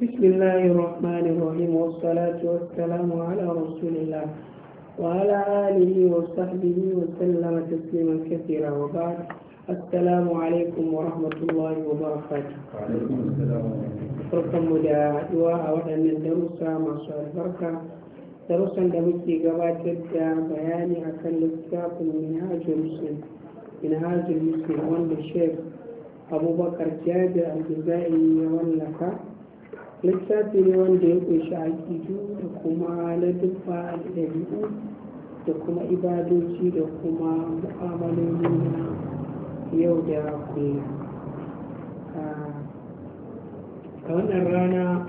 بسم الله الرحمن الرحيم والصلاة والسلام على رسول الله وعلى آله وصحبه وسلم تسليما كثيرا وبعد السلام عليكم ورحمة الله وبركاته وعليكم السلام ورحمة الله وبركاته درس مع البركة درسا دمكي جدا بياني أكل الكتاب منهاج المسلم منهاج المسلم وان الشيخ أبو بكر جابر الجزائري لك littafi ne wanda ya kunshi aƙidu da kuma na dubba da biyu da kuma ibadoci da kuma mu'amaloli na yau da kullum a wannan rana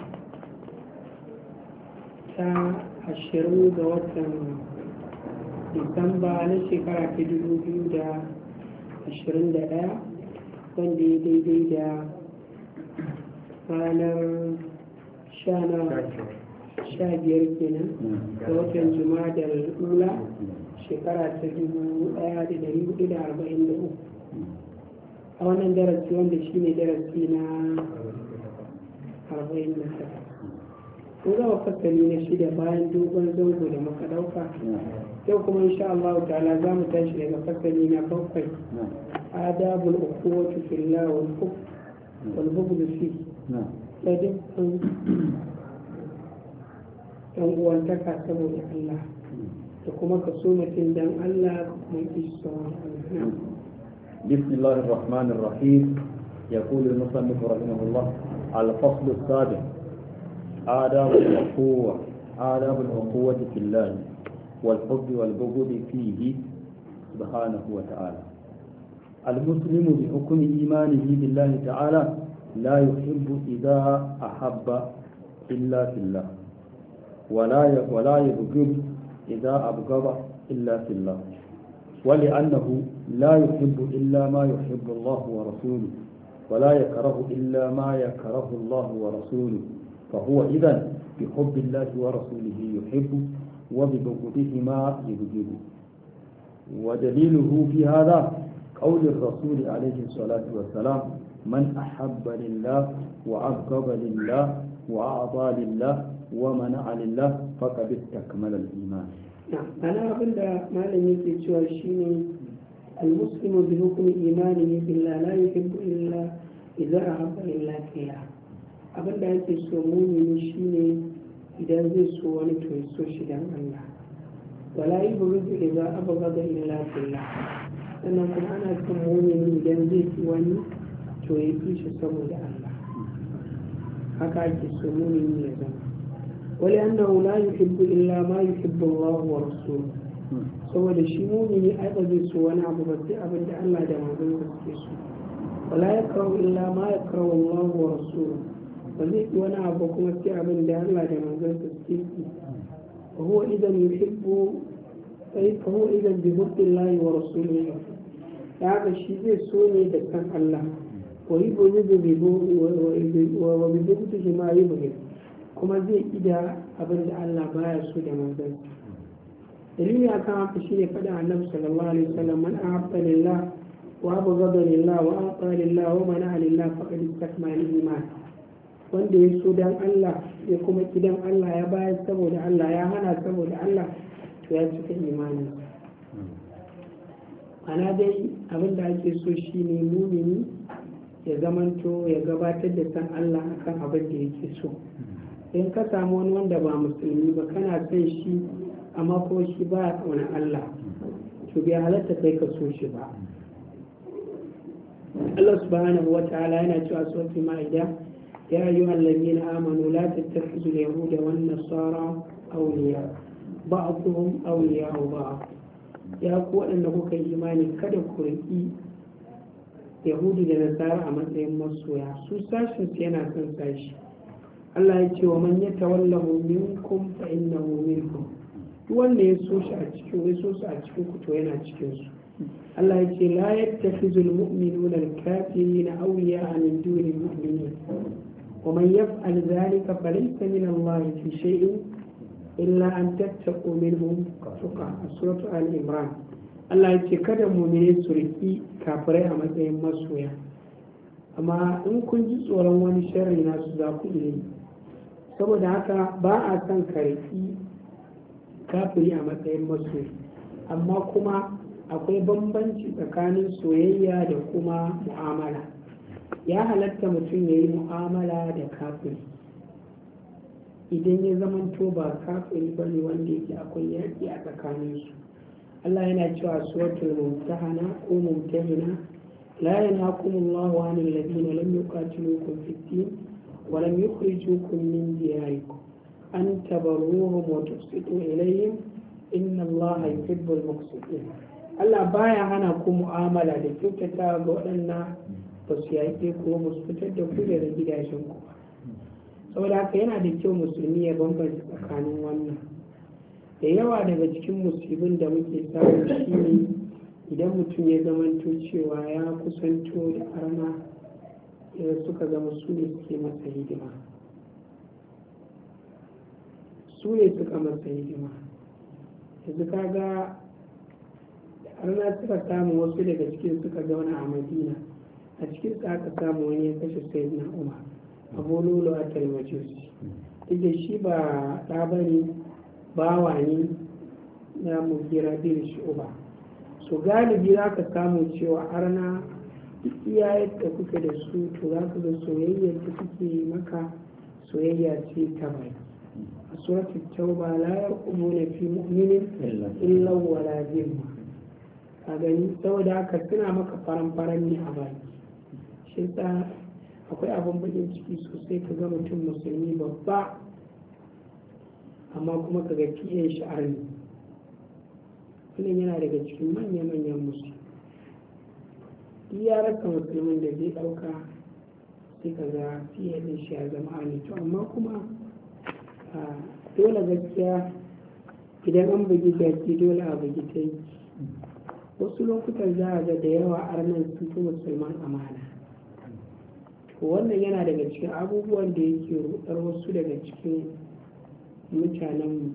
ta ashirin ga watan disamba na shekara ta dubu biyu da ashirin da daya wanda ya daidai da ranar sha nawa sha biyar kenan da watan juma'a da ula shekara ta dubu daya da dari hudu da arba'in da uku a wannan darasi wanda shi ne darasi na arba'in da tara ko za zama fasali na shida bayan dogon zango da muka dauka yau kuma insha Allah ta'ala za mu tashi daga fasali na bakwai adabul ukhuwati fillah wal hubbu wal hubbu fi بسم الله الرحمن الرحيم يقول المصنف رحمه الله الفصل السابع آداب الأخوة آداب الأخوة في الله والحب والبغض فيه سبحانه وتعالى المسلم بحكم إيمانه بالله تعالى لا يحب إذا أحب إلا في الله ولا ولا يبغض إذا أبغض إلا في الله ولأنه لا يحب إلا ما يحب الله ورسوله ولا يكره إلا ما يكره الله ورسوله فهو إذا بحب الله ورسوله يحب ما يبغض ودليله في هذا قول الرسول عليه الصلاة والسلام من أحب لله وأبغض لله وأعطى لله ومنع لله فقد استكمل الإيمان نعم أنا أقول ما لم يكن المسلم بحكم إيمانه بالله لا يحب إلا إذا أحب لله كيا abin da ake so mumini shine idan zai so wani to ya so shi dan Allah wala yi burudu idza sannan kuma ana son mumini idan zai ci wani to ya ƙi shi saboda Allah haka ake so yi ya zama wani wula la yuhibbu illa ma yuhibbu Allah wa rasuluhu saboda shi mumini ai ba zai so wani abu ba sai abin da Allah da manzon sa suke so wala ya kawo illa ma yakrahu Allah wa rasuluhu ba zai yi wani abu kuma sai abin da Allah da manzon sa suke so fa huwa idan yuhibbu fa huwa idan bi hubbi Allah wa rasuluhu shi zai so ne da san Allah wa bizu kutu shi ma yi kuma zai ida abin da Allah baya so da manzon dalili kan haka shine faɗa annabi sallallahu alaihi wasallam man ahabba lillah wa abghada lillah wa ata lillah wa mana lillah faqad istakmala iman wanda ya so dan Allah ya kuma kidan Allah ya bayar saboda Allah ya hana saboda Allah to ya cika imanin ana dai abin da ake so shine mumini ya zamanto ya gabatar da san Allah akan abin da yake so in ka samu wani wanda ba musulmi ba kana son shi amma ko shi ba a kauna Allah to bai halatta kai ka so shi ba Allah subhanahu wa ta'ala yana cewa suratul ma'ida ya yi ayyuhal ladina amanu la tattakhidhu al-yahuda wan nasara a ba'dhum auliya ba ya ku waɗanda kuka yi imani kada ku riƙi yahudu da nasara a matsayin masoya su sashin su yana son sashi Allah ya ce wa man ya tawallahu minkum fa innahu minkum duk wanda ya so shi a cikin ya so su a cikin ku to yana cikin su Allah ya ce la yattakhidhu almu'minuna alkafirina awliya'a min duni almu'minin wa man yaf'al dhalika falaysa min Allah fi shay'in illa an tattaqu minhum tuqa suratu al-imran Allah ya ce kada mu ne su riƙi kafirai a matsayin masoya amma in kun ji tsoron wani sharri su za ku yi saboda haka ba a son ka riƙi kafiri a matsayin masoya, amma kuma akwai bambanci tsakanin soyayya da kuma mu'amala ya halatta mutum ya yi mu'amala da kafiri idan ya zamanto ba kafiri ba ne wanda yake akwai yaƙi a tsakaninsu Allah yana cewa suratul mumtahana ko mumtahina la yanhaqumullahu 'anil ladina lam yuqatilukum fid din wa lam yukhrijukum min diyarikum an tabarruhum wa tuqsitu ilayhim inna Allaha yuhibbul muqsitin Allah baya hana ku mu'amala da kyautata ga waɗannan ba su yaƙe ku ba su fitar da ku daga gidajen ku saboda haka yana da kyau musulmi ya bambanta tsakanin wannan da yawa daga cikin musibin da muke samu ne idan mutum ya zamanto cewa ya kusanto da arna ya suka zama su ne suke masa hidima su ne suka masa hidima yanzu kaga da arna suka samu wasu daga cikin suka zauna a madina a cikin sa aka samu wani ya kashe sai na'uma a bololo a talmajosi duk da shi ba ɗa bane bawa ne na mugira bin uba so galibi za ka samu cewa arna duk iya yadda kuke da su to za ka ga soyayyar da kuke maka soyayya ce ta bai a suratul tauba la na fi mu'minin illa wala zimma a gani saboda haka suna maka faran-faran ne a baki shi akwai abin bakin ciki sosai ka ga mutum musulmi babba amma kuma ka ga kiyan shi ne wannan yana daga cikin manya-manyan musu iya raka musulmin da zai ɗauka sai ka ga kiyan shi ya zama a to amma kuma dole gaskiya idan an bugi jaki dole a bugi ta wasu lokutan za a ga da yawa arnan sun fi musulman amana wannan yana daga cikin abubuwan da yake rudar wasu daga cikin mutanenmu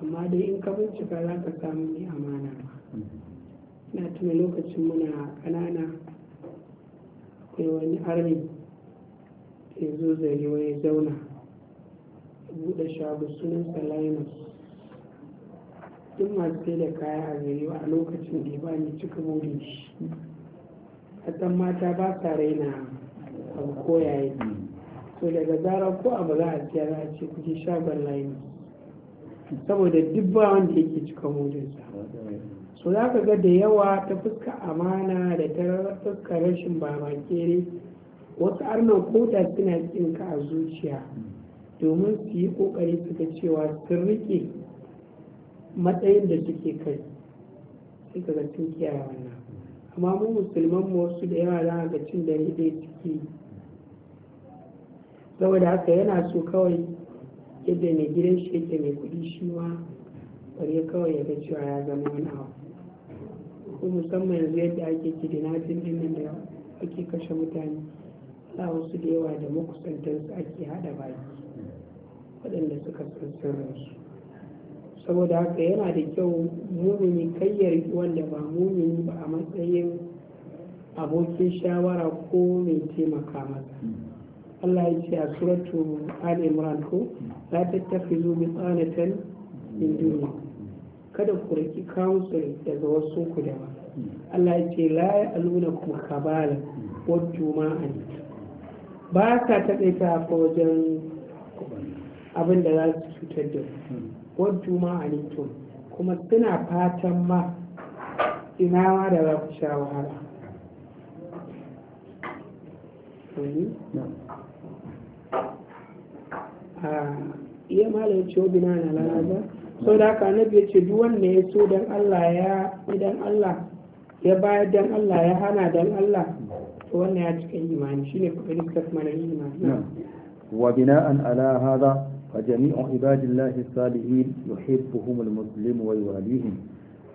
amma dai in ka bincika za ka samu mai amana na tuna lokacin muna ƙanana akwai wani arni ke zo zari wani zauna bude buɗe shago sunan salamus duk masu sai da kaya a zari a lokacin da ya ba ni cika burin shi kasan mata ba sa raina abu koyaye to daga zara ko abu za a siya za a ce kuke shagon layi saboda duk ba wanda yake cika mudinsa so za ka ga da yawa ta fuska amana da ta fuska rashin kere wasu ko koda suna ka a zuciya domin su yi kokari suka cewa sun rike matsayin da suke kai sai ka ga sun kiyaye wannan amma mu musulman mu wasu da yawa za a ga cin dare ɗaya ciki saboda haka yana so kawai yadda mai gidan shi yake mai kudi shi ma bari kawai ya cewa ya zama wani abu ko musamman yanzu yadda ake kidinafin din da ake kashe mutane sa wasu da yawa da su ake hada baki waɗanda suka san su saboda haka yana da kyau mumini kayyar wanda ba mumini ba a matsayin abokin shawara ko mai taimaka masa Allah ya ce a suratu Ali Imran ko la tattafizu bi tsanatan min duni kada ku riki counsel daga wasu ku da Allah ya ce la ya'aluna kum khabala wa juma'an ba ka taƙaita fa wajen abin da za su cutar da wa juma'an to kuma suna fatan ma ina ma da za ku sha wahala. a iya malam ce na lalaza sau da haka na ya ce duk wanda ya so dan Allah ya idan Allah ya bayar dan Allah ya hana dan Allah to ya cika imani shine fakari ta kuma na imani wa bina'an ala hada فجميع عباد الله الصالحين يحبهم المسلم ويواليهم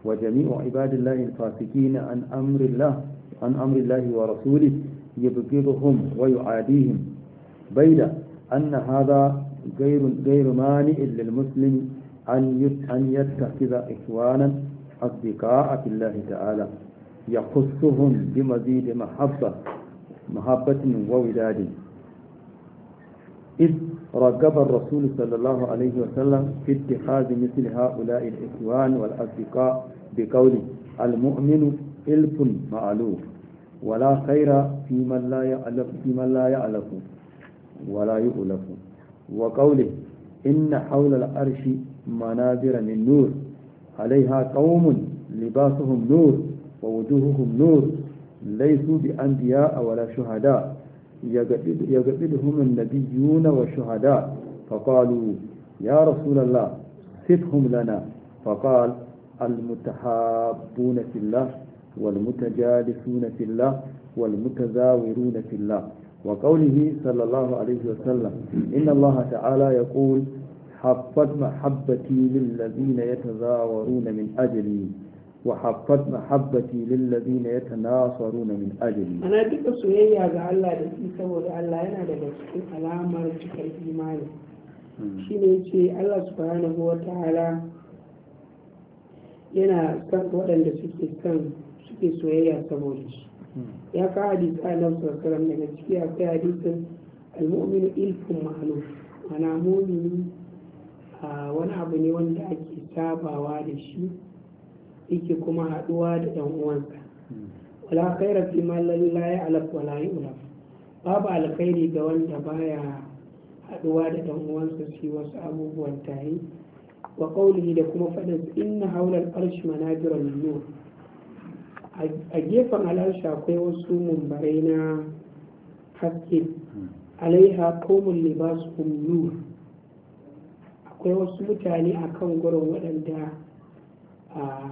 وجميع عباد الله الفاسقين عن أمر الله عن أمر الله ورسوله يبغضهم ويعاديهم بيد أن هذا غير غير مانع للمسلم أن أن يتخذ إخوانا أصدقاء في الله تعالى يخصهم بمزيد محبة محبة ووداد إذ رغب الرسول صلى الله عليه وسلم في اتخاذ مثل هؤلاء الإخوان والأصدقاء بقوله المؤمن إلف معلوم ولا خير في من لا يعلم في من لا يعلم ولا يؤلف wa qawli inna haulal arshi manabira nur alaiha qaumun libasuhum nur wa wujuhuhum nur laisu bi anbiya wala shuhada يقبلهم النبيون والشهداء فقالوا يا رسول الله صفهم لنا فقال المتحابون في الله والمتجالسون في الله والمتزاورون في الله وقوله صلى الله عليه وسلم إن الله تعالى يقول حفت محبتي للذين يتزاورون من أجلي وحفت محبتي للذين يتناصرون من أجلي أنا دك سويا ga Allah da shi saboda Allah yana daga cikin alamar cikar imani shine yace Allah subhanahu taala yana san waɗanda suke san suke soyayya saboda shi ya ka hadisi a nan sassaran daga ciki akwai hadisin almu'minu ilfin ma'aluf ana a wani abu ne wanda ake sabawa da shi yake kuma haɗuwa da ɗan uwansa wala khaira fi man la ya'laf wa la babu alkhairi ga wanda baya haɗuwa da ɗan uwansa shi wasu abubuwan yi wa qawlihi da kuma fadin inna hawla al-arshi manabirun nur a gefen al'arsha akwai wasu mumbarai na haske hmm. alaiha komun su nur akwai wasu mutane a kan gurin waɗanda a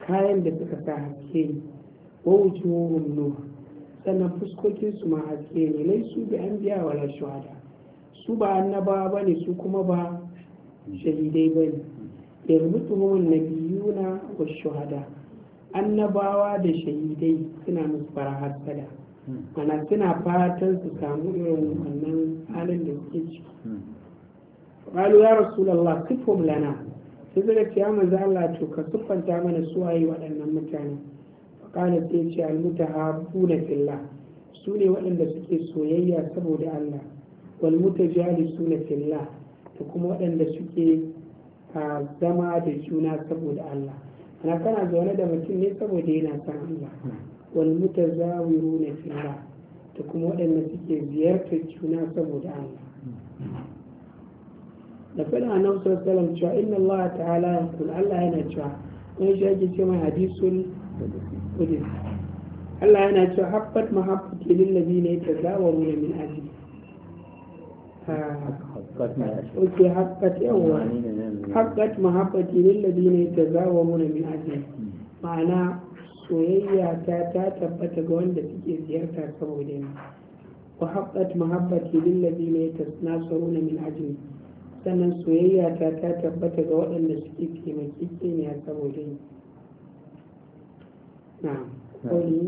kayan da suka sa haske ne wawujuhum nur sannan fuskokinsu ma haske ne Lai su bi an biya wala shuhada su ba annaba ba ne su kuma ba hmm. shahidai ba ne yanzu biyu na wa shuhada annabawa da shahidai suna musu farahar sada mana suna fatan su samu irin wannan halin da suke ciki qalu ya rasulullah sifhum lana sai suka ce ya manzo Allah to ka siffanta mana suwaye waɗannan mutane qala sai ce al na fillah su ne waɗanda suke soyayya saboda Allah su na filla da kuma waɗanda suke ah, zama da juna saboda Allah na kana zaune da mutum ne saboda yana san Allah wani zawiru mutazawiruna fillah da kuma waɗanda suke ziyartar juna saboda Allah da fada nan sun salam cewa inna Allah ta'ala kula Allah yana cewa wani shi ake ce mai hadisun kudin Allah yana cewa habbat ne ta zawaru yatazawaruna min ajli أوكي حقت محبتي للذين يتزاومون من أجلي معنا سويا تاتا تبت جون لتيجي زيارة وحقت محبتي للذين يتناصرون من أجلي سنة سوية تاتا تبت جون لتيجي في مسجدين يا كبودين نعم قولي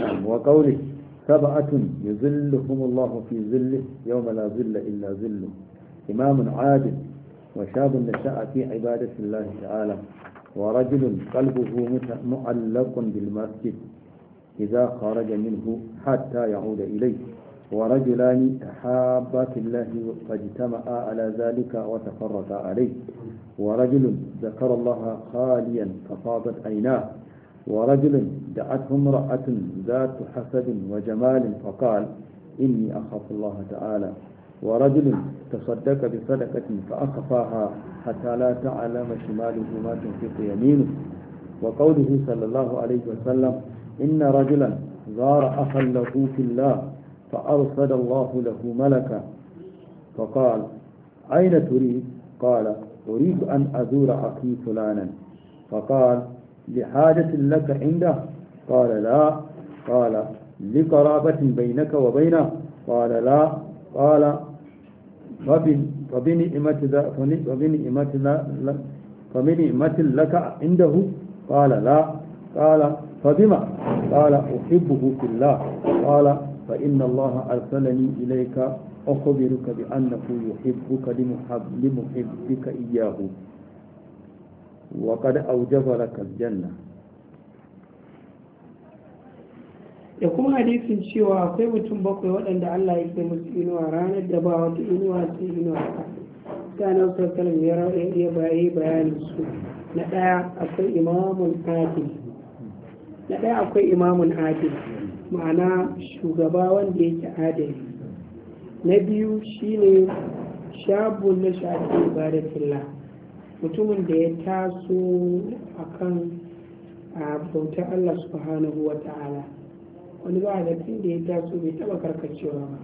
نعم وقولي تبعة يذلهم الله في ظله يوم لا ظل إلا ظله إمام عادل وشاب نشأ في عبادة الله تعالى ورجل قلبه معلق بالمسجد إذا خرج منه حتى يعود إليه ورجلان تحابا في الله قد اجتمعا على ذلك وتفرقا عليه ورجل ذكر الله خاليا ففاضت عيناه ورجل دعته امرأة ذات حسد وجمال فقال إني أخاف الله تعالى ورجل تصدق بصدقة فأخفاها حتى لا تعلم شماله ما تنفق يمينه وقوله صلى الله عليه وسلم إن رجلا زار أخا له في الله فأرصد الله له ملكا فقال أين تريد قال أريد أن أزور أخي فلانا فقال لحاجة لك عنده قال لا قال لقرابة بينك وبينه قال لا قال فبني فبنعمة لك عنده قال لا قال فبما قال أحبه في الله قال فإن الله أرسلني إليك أخبرك بأنه يحبك لمحبك إياه وقد أوجب لك الجنة da kuma hadisin cewa akwai mutum bakwai waɗanda Allah yake musu inuwa ranar da ba wata inuwa sai inuwa ta sanar sassanin ya bayi bayanin su na ɗaya akwai imamun adil na ɗaya akwai imamun adil ma'ana shugaba wanda yake adali na biyu shine shabun na shafi ibadatillah mutumin da ya taso akan a ah, bautar Allah subhanahu wa ta'ala wani ba da da ya taso bai taba karkacewa ba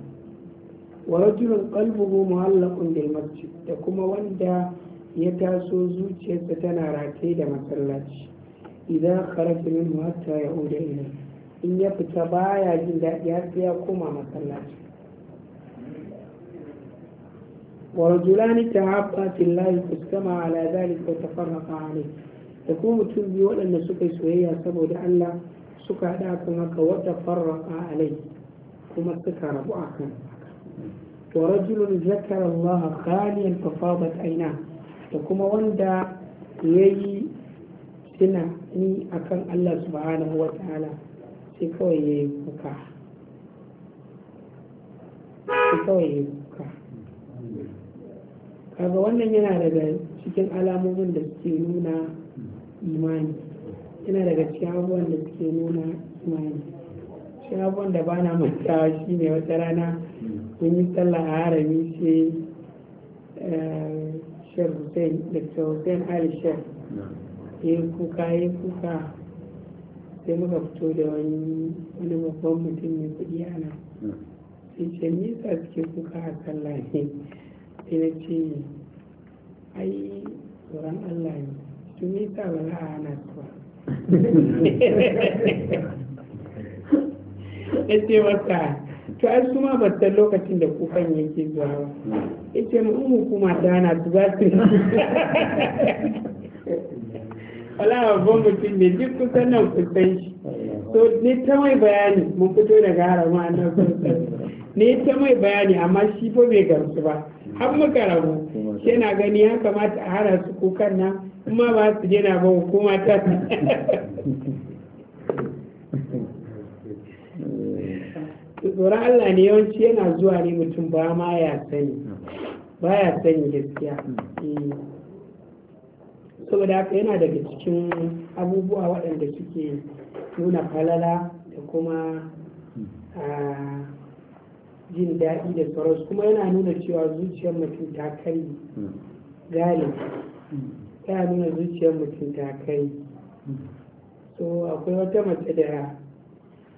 wa rajulun qalbuhu muhallaqun bil masjid da kuma wanda ya taso zuciyarsa tana rataye da masallaci idan kharaja minhu hatta yauda ila in ya fita baya jin daɗi har sai ya koma masallaci ورجلان ku sama الله فاجتمع على ذلك وتفرقا عليه da kuma mutum biyu waɗanda suka yi soyayya saboda Allah suka haɗa kan haka wata farraka alai kuma suka rabu a kan to rajulun zakara Allah khaliyan fa fadat aina da kuma wanda yayi suna ni akan Allah subhanahu wa ta'ala sai kawai yayi kuka sai kawai yayi kuka kaga wannan yana daga cikin alamomin da suke nuna imani yana daga cikin abubuwan da suke nuna imani shi abubuwan da ba na mantawa shi ne wata rana mun yi sallah a harami sai eh, shir hussein dr hussein ali shir ya yi kuka ya yi kuka sai muka fito da wani wani babban mutum mai kuɗi ana sai ce me sa suke kuka a sallah ne sai na ce ai tsoron allah ne tun yi sa ba za a hana su ba ce masa to ai suma ma ba lokacin da kufan yake zuwa ba ce mu umu kuma dana su ba su wala babban mutum ne duk kusan nan kusan shi so ne ta mai bayani mun fito daga haramu kusan ne ta mai bayani amma shi fa bai gamsu ba har muka rabu yana gani ya kamata a hara su kukan nan kuma ba su je na ba hukuma ta tsoron Allah ne yawanci yana zuwa ne mutum ba ma ya sani ba ya sani gaskiya eh. saboda haka yana daga cikin abubuwa waɗanda suke nuna falala da kuma ah, jin daɗi da sauransu kuma yana nuna cewa zuciyar mutum ta kai gane yana nuna zuciyar mutum ta kai so akwai wata mace da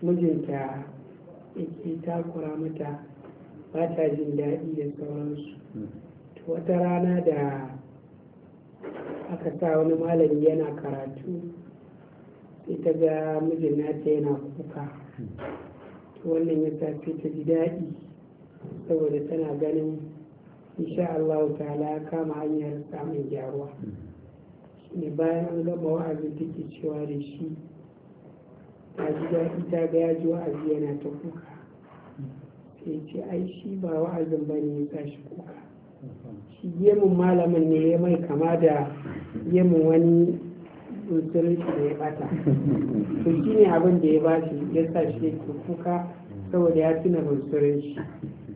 mijinta yake takura mata ba ta jin daɗi da sauransu to wata rana da aka sa wani malami yana karatu sai ta ga mijin nata yana kuka wannan ya tafi ta ji daɗi saboda tana ganin insha Allah ta'ala kama hanyar samun gyaruwa ne bayan an gaba wa'azin take cewa da shi ta ji daɗi ta ga ya ji wa'azi yana ta kuka sai ce ai shi ba wa'azin ba ne ya shi kuka shi yemin malamin ne ya mai kama da yemin wani shi da ya bata to shi ne abin da ya bashi ya sa shi ne kuka saboda ya tuna shi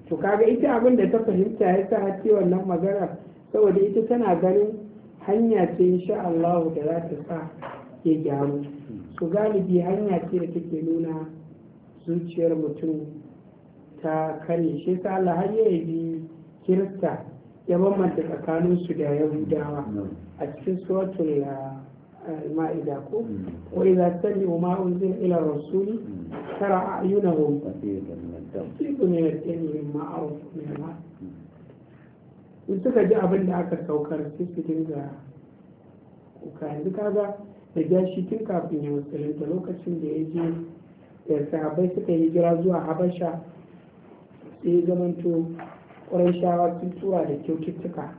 to kaga ita abin da ta fahimta ya sa har wannan magana saboda ita tana ganin hanya ce insha Allah da za ta sa ke gyaru su galibi hanya ce da take nuna zuciyar mutum ta kare shi sa Allah har ya yi kirista ya bambanta su da yahudawa a cikin suratul ah, المائدة وإذا سمعوا ما أنزل إلى الرسول ترى أعينهم تفيض من الدم مما عرفوا من الماء in suka ji abin da aka saukar sai su dinga kuka yanzu kaga da gashi tun kafin ya musulunta lokacin da ya je da sahabai suka yi gira zuwa habasha sai ya zamanto ƙwarai shawa sun da kyaututtuka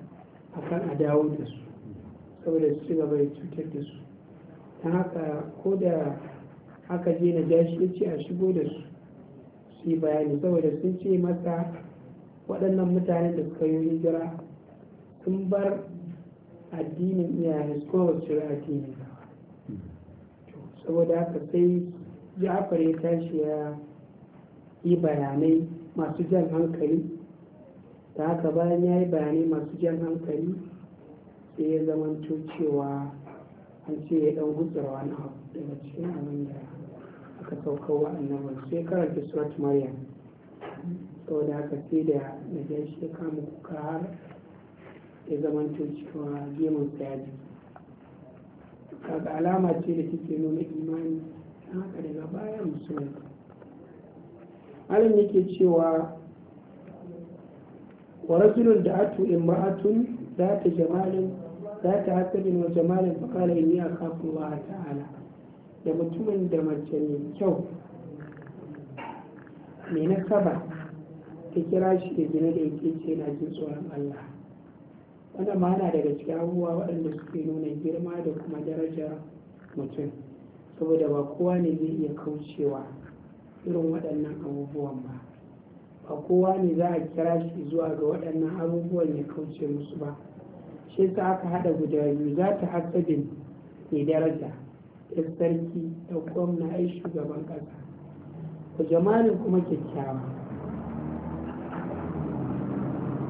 akan a dawo da su saboda su ci gaba da cutar da su ta haka ko da aka je na jashi ya ce a shigo da su su yi bayani saboda sun ce masa waɗannan mutane da suka yi hijira sun bar addinin iyayen su kuma su addinin saboda haka sai ja'afar ya tashi ya yi bayanai masu jan hankali ta haka bayan ya yi bayanai masu jan hankali sai ya zamanto cewa an ce ya ɗan gutsura wani abu daga cikin abin da aka sauka wa annabi sai karanta surat maryam saboda haka sai da najashi ya kama kuka har ya zamanto cewa gemun sa kaga alama ce da take nuna imani haka daga baya musulmi alam yake cewa wa rajulun da atu imra'atun za ta jamalin ذات حسد وجمال فقال إني أخاف الله تعالى da mutumin da mace mai kyau mai nasaba ta kira shi da da yake ce na jin tsoron Allah wannan ma yana daga cikin abubuwa waɗanda suke nuna girma da kuma darajar mutum saboda ba kowa ne zai iya kaucewa irin waɗannan abubuwan ba ba kowa ne za a kira shi zuwa ga waɗannan abubuwan ya kauce musu ba shi sa aka haɗa guda biyu za ta hasabin mai daraja ya sarki da gwamna ai shugaban ƙasa ku jamalin kuma kyakkyawa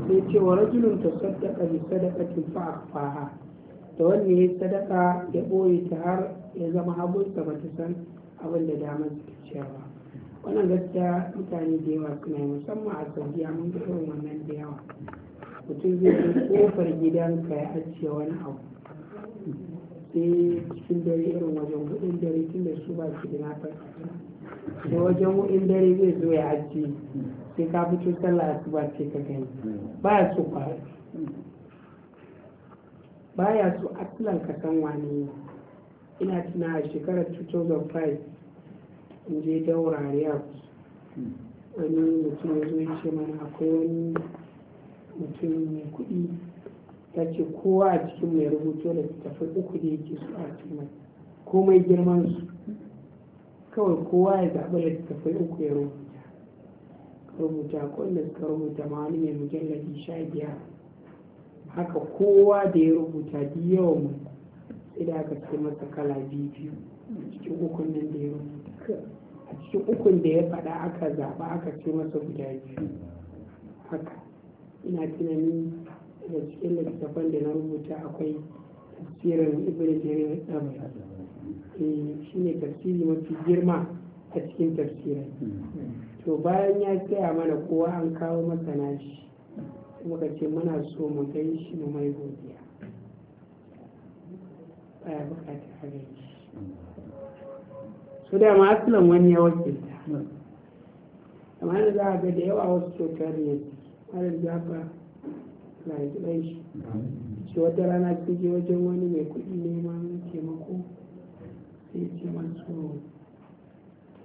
sai ce wa rajulun ta saddaka bi ta fa akfaha da wanne ya sadaka ya ɓoye ta har ya zama hagunsa ba ta san abin da damar su cewa wannan gaskiya mutane da yawa suna yi musamman a saudiya mun ga irin wannan da yawa mutum zai yi kofar gidanka ya ajiye wani abu sai cikin dare irin wajen hudun dare tun da su ba su da na da wajen hudun dare zai zo ya ajiye sai ka fito sallah ba sai ka gani ba ya so ba ba ya so asilan ka san wani ina tuna a shekarar 2005 in je daura riyadh wani mutum ya zo ya ce mana akwai wani mutum mai kuɗi ta ce kowa a cikin mai rubuto da tafi uku da yake su a cikin komai girman su kawai kowa ya zaɓi da tafi uku ya rubuta rubuta ko inda suka rubuta ma wani mai mujallabi sha biyar haka kowa da ya rubuta biyu yawan mu idan aka ce masa kala biyu biyu a cikin ukun nan da ya rubuta a cikin ukun da ya faɗa aka zaɓa aka ce masa guda biyu haka ina tunani da cikin littattafan da na rubuta akwai tafsirin ibn jarir dabari eh, shi ne tafsiri mafi girma a cikin tafsirin to bayan ya tsaya mana kowa an kawo masa Kuma muka ce muna so mu gai shi mu mai godiya baya bukata a gai shi su dama asalin wani ya wakilta amma da za a ga da yawa wasu cutar ne alal da haka na yi shi shi wata rana ta je wajen wani mai kuɗi neman taimako sai ce masu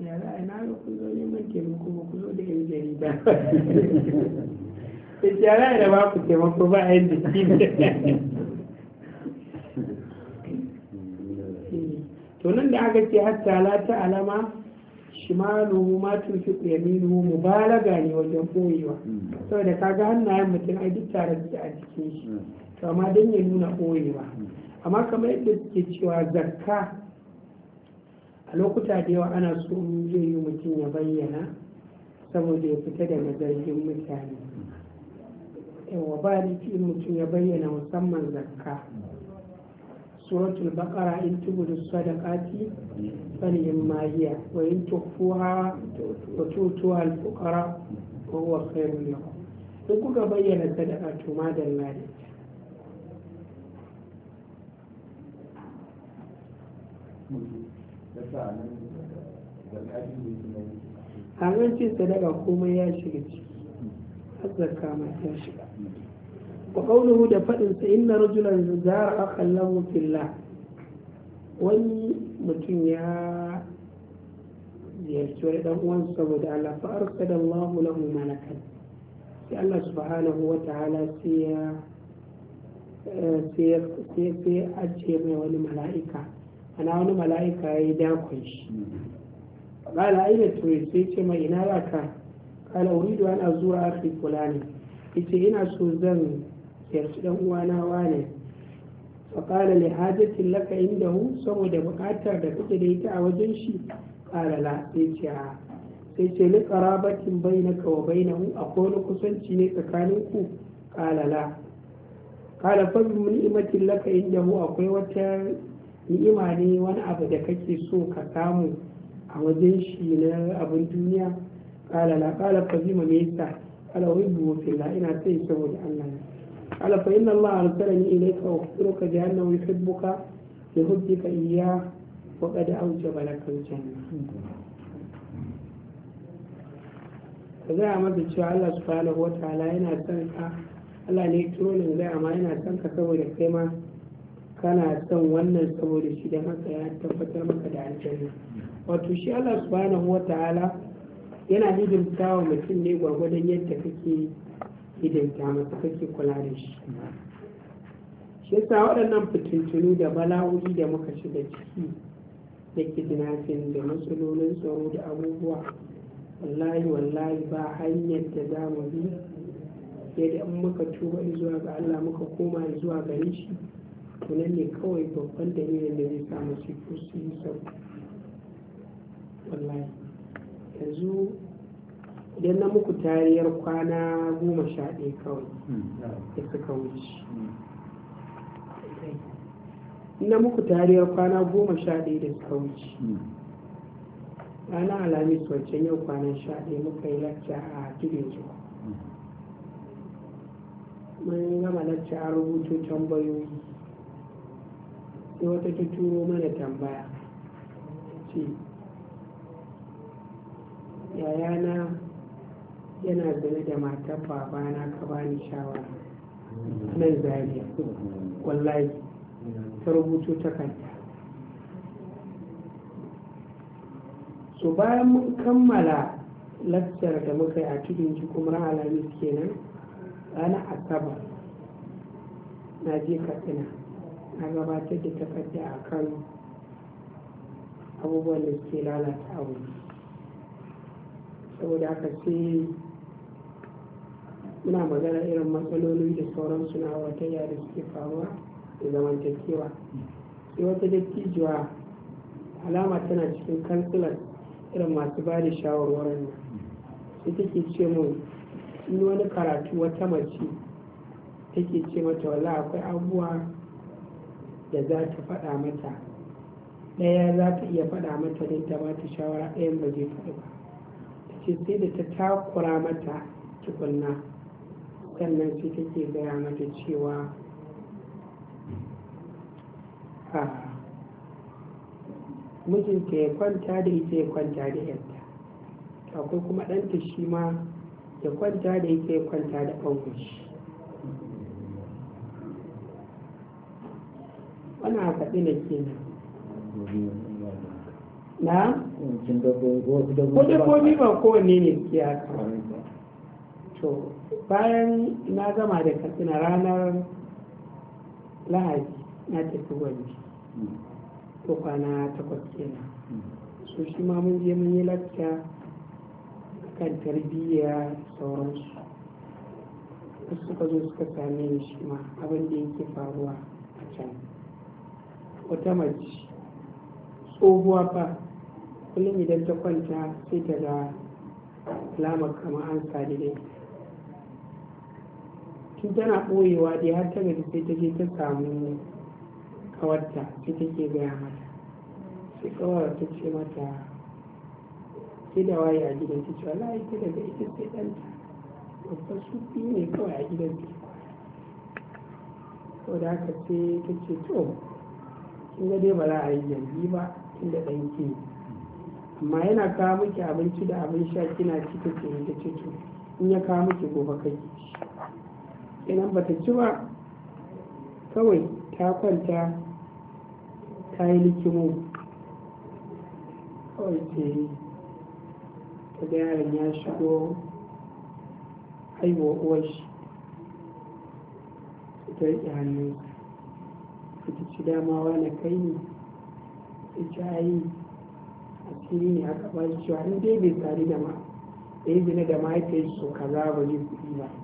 ya a na ga kun zo neman taimako ba ku zo da zai jarida sai yara da ba ku taimako ba a yin da eh, to nan da aka ce hatta la ta alama shimaluhu ma mu yaminuhu mubalaga ne wajen koyewa hmm. saboda kaga hannayen mutum a duk tare da a cikin shi hmm. to amma don ya nuna koyewa hmm. amma kamar yadda suke cewa zakka a lokuta da yawa ana so in zai yi mutum ya bayyana saboda ya fita daga zargin mutane yawa ba da mutum ya bayyana musamman zakka سورة البقرة إن تبدوا الصدقات فنعم هي وإن تخفوها وتؤتوها الفقراء فهو خير لكم. يقول بين الصدقات ماذا المال؟ هل أنت صدقة كوما يا شيخ؟ أتذكر wa qawluhu da fadin sa inna rajulan zara akhan lahu fillah wani mutum ya ziyarci wani dan uwan saboda Allah fa arsala Allahu lahu malakan sai Allah subhanahu wa ta'ala sai ya sai ajiye mai wani mala'ika ana wani mala'ika ya yi dakon shi ƙala aina sai ce mai ina za ka zuwa ina so yarci dan na wane fa kala li hajatin laka indahu saboda bukatar da kuke da ita a wajen shi qala la sai ce sai ce li qarabatin bainaka wa bainahu akwai wani kusanci ne tsakanin ku la kala fa bi ni'matin laka indahu akwai wata ni'ima ne wani abu da kake so ka samu a wajen shi na abin duniya qala la qala fa bi kala yasa qala uhibbu la ina sai saboda Allah ne قال فإن الله أرسلني إليك وأخبرك بأنه يحبك لحبك إياه وقد أوجب لك الجنة فزي ما تشوى الله سبحانه وتعالى هنا سنك Allah ne turo ne zai amma yana son ka saboda kai ma kana son wannan saboda shi da haka ya tabbatar maka da aljanna wato shi Allah subhanahu wa ta'ala yana hidimta wa mutum ne gwargwadon yadda kake idan masa kake kula da shi shi yasa waɗannan fitintunu da bala'o'i da muka shiga ciki da kidnapping da matsalolin tsaro da abubuwa wallahi wallahi ba hanyar da za mu bi da in muka tuba zuwa ga Allah muka koma zuwa gare shi tunan ne kawai babban dalilin da zai samu su yi sau wallahi yanzu idan na muku tariyar kwana goma sha ɗaya kawai da suka wuce na muku tariyar kwana goma sha ɗaya da suka wuce ranar alamis wancan yau kwanan sha ɗaya muka yi lacca a tudun zuwa mun gama lacca a rubutu tambayoyi sai wata ta turo mana tambaya ce yayana yana zane da matar babana ka bani shawara nan zariya wallahi ta rubuto kanta su bayan mun kammala lakcar da muka yi a cikin tudun jikumar alamis kenan ranar asabar na je katsina na gabatar da takarda a kan abubuwan da suke lalata abu saboda haka sai muna magana irin matsalolin da sauran suna watayya da suke faruwa da zamantakewa sai wata dattijuwa alama tana cikin kansilan irin masu ba da shawarwarin nan sai take ce mun in wani karatu wata mace take ce mata wala akwai abubuwa da za ta faɗa mata ɗaya za ta iya faɗa mata don ta bata shawara ɗayan ba zai faɗi ba ta ce sai da ta takura mata tukunna sannan sai take gaya mata cewa a mijinta ya kwanta da ita ya kwanta da yanta akwai kuma ɗanta shi ma ya kwanta da ita ya kwanta da ɓangushi wani haka na kenan na? ko komi ba kowanne ne suke haka to bayan na gama da katsina ranar lahadi na tafi gwanji ko kwana takwas kenan so shi ma mun je mun yi lakta kan tarbiyya sauransu suka zo suka same yin shi ma abin da yake faruwa a can wata mace tsohuwa fa kullum idan ta kwanta sai ta ga alamar kama an sadi da shi tana ɓoyewa dai har ta gaji sai ta je ta samu kawarta sai take gaya mata sai kawar ta ce mata ke da waye a gidan ta ce wala ita daga ita sai ɗanta babban su biyu ne kawai a gidan ta sau da haka sai ta ce to kin ga dai ba za a yi yanzu ba inda ɗan ke amma yana kawo miki abinci da abin sha kina ci ta ce ta ce to in ya kawo miki gobe kai idan ba ta ci ba kawai ta kwanta ta yi likimo kawai ce ta ga yaron ya shigo haihuwa uwar shi ta riƙe hannun ta ci damawa na kai ne ta ci a asiri ne aka ba shi cewa in dai bai tsari da ma da yi zina da mahaifiyar su kaza ba yi kuɗi ba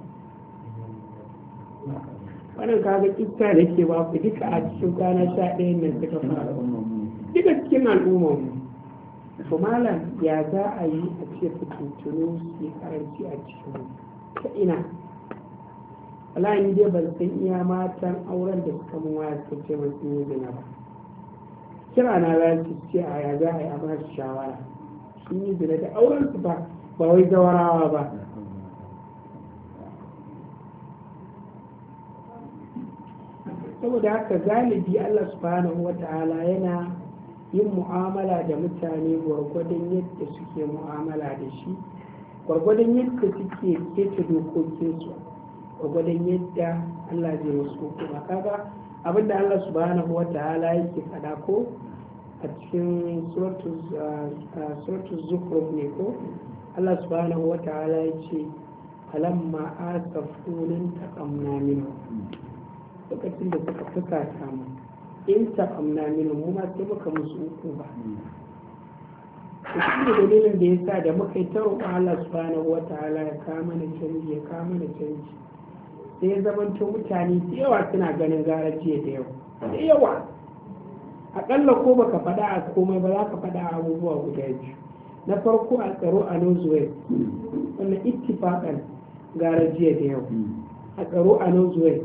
wannan kaga ita da ke ba ku duka a cikin kwana sha ɗayan nan suka fara duka cikin al'ummar mu to malam ya za a yi a ce fitintunu su karanci a cikin ta ina wallahi ni ban san iya matan auren da suka mun waya suka ce mun sun yi gina ba kira na za su ce a ya za a yi a ba su shawara sun yi gina da auren su ba ba wai gawarawa ba saboda haka galibi Allah subhanahu wa ta'ala yana yin mu'amala da mutane gwargwadon yadda suke mu'amala da shi gwargwadon yadda suke keta dokokinsu gwargwadon yadda Allah zai wasu hukuma kaga abinda Allah subhanahu wa ta'ala yake fada ko a cikin uh, uh, suratul zukhruf ne ko Allah subhanahu wa ta'ala yace alamma asafuna taqamna minhum lokacin da suka fuka samu in ta amna minu mu ma sai muka musu uku ba shi ne dalilin da ya sa da muka yi ta roƙon Allah subhanahu wataala ya kama na canji ya kama na canji sai ya zamanto mutane da yawa suna ganin gara jiya da yau da yawa aƙalla ko baka faɗa a komai ba za ka faɗa a abubuwa guda biyu na farko a tsaro a nozuwe wannan ittifaƙan gara jiya da yau a tsaro a nozuwe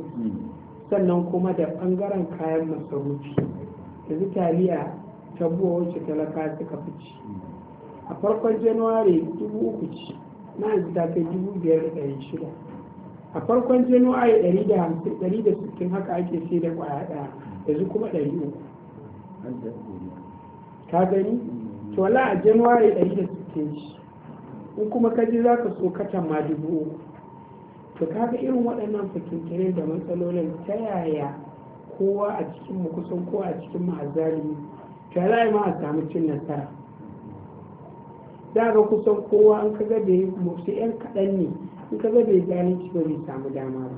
sannan kuma da ɓangaren kayan masarufi yanzu taliya ta buwa wacce talaka suka fi ci a farkon januwari dubu uku ci na yanzu ta kai dubu biyar da ɗari shida a farkon januwari ɗari da hamsin ɗari da sittin haka ake sai da ƙwaya ɗaya yanzu kuma ɗari uku ka gani to wala a januwari ɗari da sittin ci in kuma ka ji za ka so katan ma dubu uku to kaga irin waɗannan fakinkire da matsalolin ta yaya kowa a cikin mu kusan kowa a cikin mu azzalimi to ya ma a samu cin nasara za ga kusan kowa an kaga da yi musu yan kaɗan ne an kaga da ya zalunci ba bai samu dama ba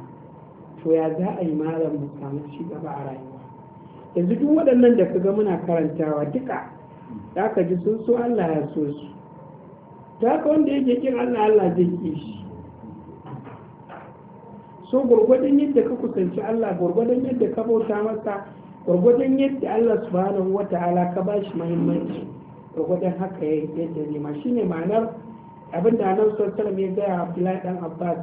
to ya za a yi malam mu samu ci gaba a rayuwa yanzu duk waɗannan da kaga muna karantawa duka za ka ji sun so Allah ya so su ta haka wanda yake kin Allah Allah zai ki shi so gwargwadon yadda ka kusanci Allah gwargwadon yadda ka bauta masa gwargwadon yadda Allah subhanahu wa ta'ala ka ba shi mahimmanci gwargwadon haka ya yadda ne ma shine ma'anar abin da Annabi mai zai gaya Abdullahi dan Abbas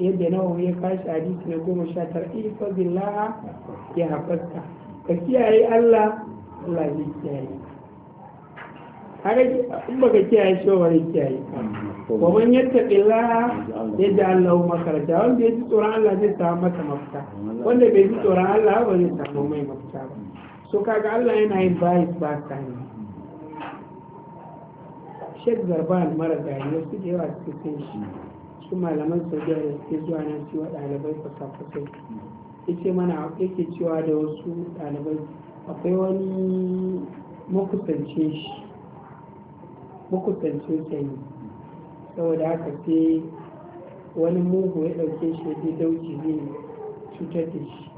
yadda nawa ya kashi hadisi na goma sha tara ifa billaha ya hafarta ka kiyaye Allah Allah ya kiyaye in baka kiyaye shi ba kiyaye wa man yattaqi Allah yaj'al lahu wanda ya ji tsoron Allah zai samu mafita wanda bai ji Allah ba zai samu mai mafita ba so kaga Allah yana yin bayis ba ta ne Sheikh Zarban mara gani wasu da yawa suke sai shi su malaman Saudiya da suke zuwa nan su wa yace mana yake cewa da wasu ɗalibai akwai wani makusancin shi makusance ta yi saboda haka sai wani mugu ya ɗauke shi ya dauji zai cutar da shi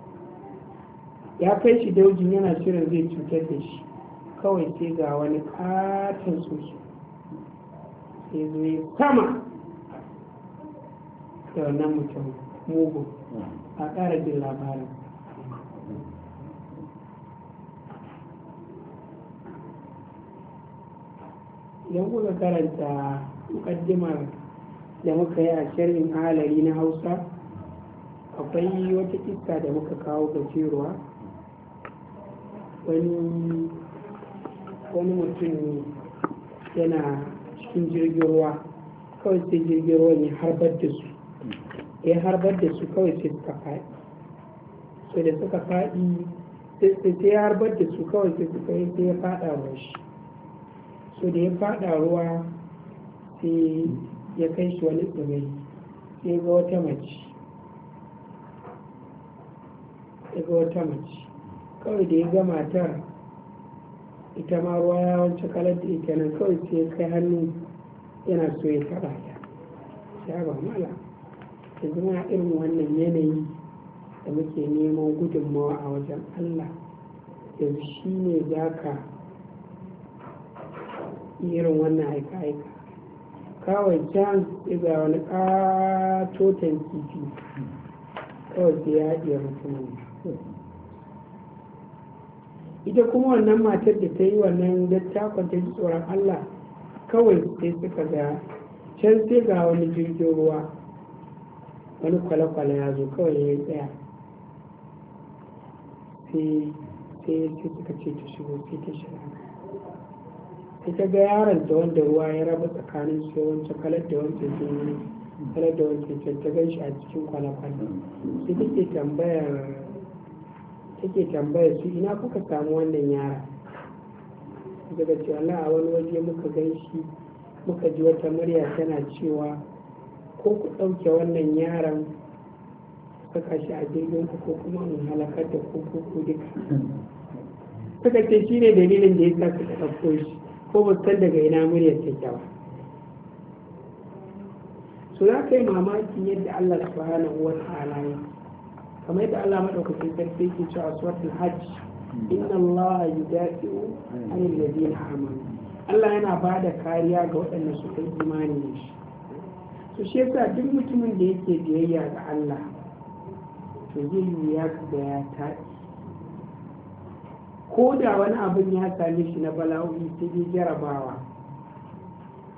ya kai shi daujin yana shirin zai cutar da shi kawai sai ga wani katon soso sai zo ya kama da wannan mutum mugu a ƙara jin labarin idan kuka karanta mukaddimar da muka yi a shirin halari na hausa akwai wata iska da muka kawo ga cewa wani mutum ne yana cikin jirgin ruwa kawai sai jirgin ruwa ne harbar da su ya harbar da su kawai sai suka faɗi so da suka faɗi sai ya harbar da su kawai sai suka yi sai ya faɗa wa shi so da ya fada ruwa sai ya kai shi wani tsibiri sai ga wata mace ya ga wata mace kawai da ya ga matar ita ma ruwa ya wance kalar da ita nan kawai sai ya kai hannu yana so ya taɓa ta ya ba mala yanzu muna irin wannan yanayi da muke neman gudunmawa a wajen allah yanzu shi ne za ka irin wannan aika-aika kawai can ga wani katotan kifi kawai sai ya haɗiya mutumin ita kuma wannan matar da ta yi wannan dattakon ta tsoron allah kawai sai suka ga can sai ga wani jirgin ruwa wani kwale-kwale ya zo kawai ya tsaya sai sai suka ce ta shigo sai ta shiga ita ga yaron da wanda ruwa ya raba tsakanin su wancan kalar da wancan jini kalar da wancan can ta gan shi a cikin kwale-kwale sai take tambayar take tambayar su ina kuka samu wannan yara daga ce Allah a wani waje muka gan shi muka ji wata murya tana cewa ko ku ɗauke wannan yaron saka shi a jirgin ku ko kuma in halakar da ku ko duka suka ce shi ne dalilin da ya sa suka ɗauko shi ko ba san daga ina muryar take ba su za ka yi mamakin yadda Allah ta fara na uwar halaye kamar yadda Allah madaukakin sarki yake cewa suratul hajj inna Allah yudafi'u anil na amanu Allah yana ba da kariya ga waɗanda su kai imani ne shi su shi duk mutumin da yake biyayya ga Allah to zai yi ya ga ya taɗi ko da wani abin ya same shi na bala'o'i sai yi jarabawa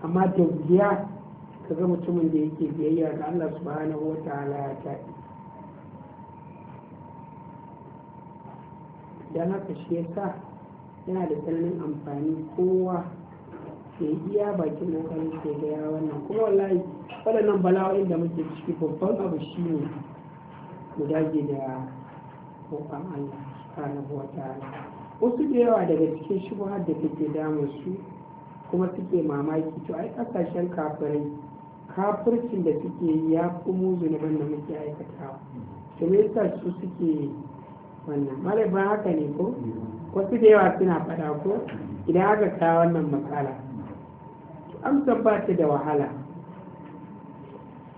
amma biya ka ga mutumin da yake biyayya ga Allah subhanahu wa ta'ala ya tafi don haka shi yasa yana da tsananin amfani kowa ke iya bakin kokarin ke gaya wannan kuma wallahi waɗannan bala'o'in da muke ciki babban abu shi ne mu dage da roƙon Allah subhanahu wa ta'ala wasu da yawa daga cikin shubuhar da take damun su kuma suke mamaki to ai kasashen kafirai kafircin da suke yi ya fi mu zunuban da muke aikatawa to me yasa su suke wannan malai haka ne ko wasu da yawa suna fada ko idan aka kawo wannan matsala amsar ba ta da wahala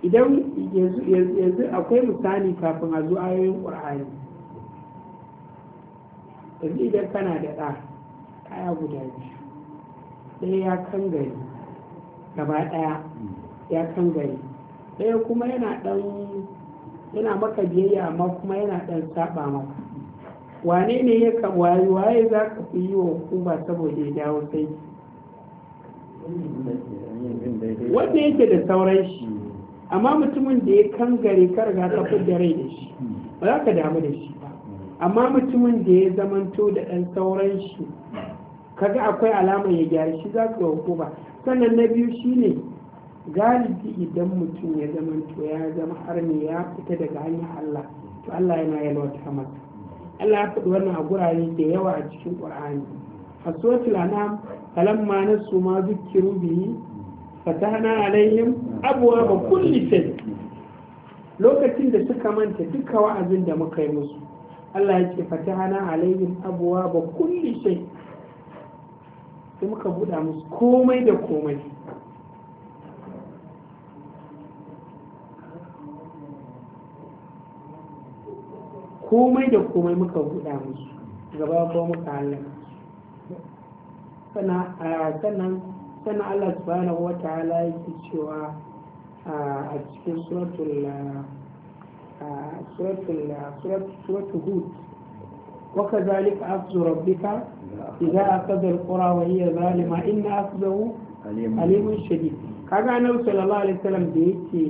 idan yanzu akwai misali kafin a zo ayoyin ƙur'ani yanzu idan kana da ɗa kaya guda biyu ɗaya ya kan gari gaba ɗaya ya kan gari ɗaya kuma yana maka biyayya amma kuma yana ɗan saba maka wane ne ya ka wayo waye za ka fi yi wa hukuma saboda ya dawo sai wanda yake da sauran shi amma mutumin da ya kan gari ka riga ka fi da rai da shi ba za ka damu da shi amma mutumin da ya zamanto da ɗan sauran shi kaga akwai alamar ya gyara shi za su yi ba sannan na biyu shine galibi idan mutum ya zamanto ya zama har ne ya fita daga hanyar Allah to Allah yana yalwata masa Allah ya faɗi wannan a gurare da yawa a cikin Qur'ani a anam falamma nasu ma zukiru bihi fatahna alaihim abwaaba kulli shay lokacin da suka manta duka wa'azin da muka yi musu Allah ya ce fatahana alaihim abuwa ba kulli shay sai muka buɗa musu komai da komai komai da komai muka buɗa musu gaba ko muka halaka sannan sannan Allah subhanahu wa ta'ala yake cewa a cikin suratul uh, سورة هود وكذلك أخذ ربك إذا أخذ القرى وهي ظالمة إن أخذه أليم شديد kaga annabi sallallahu alaihi wasallam da yake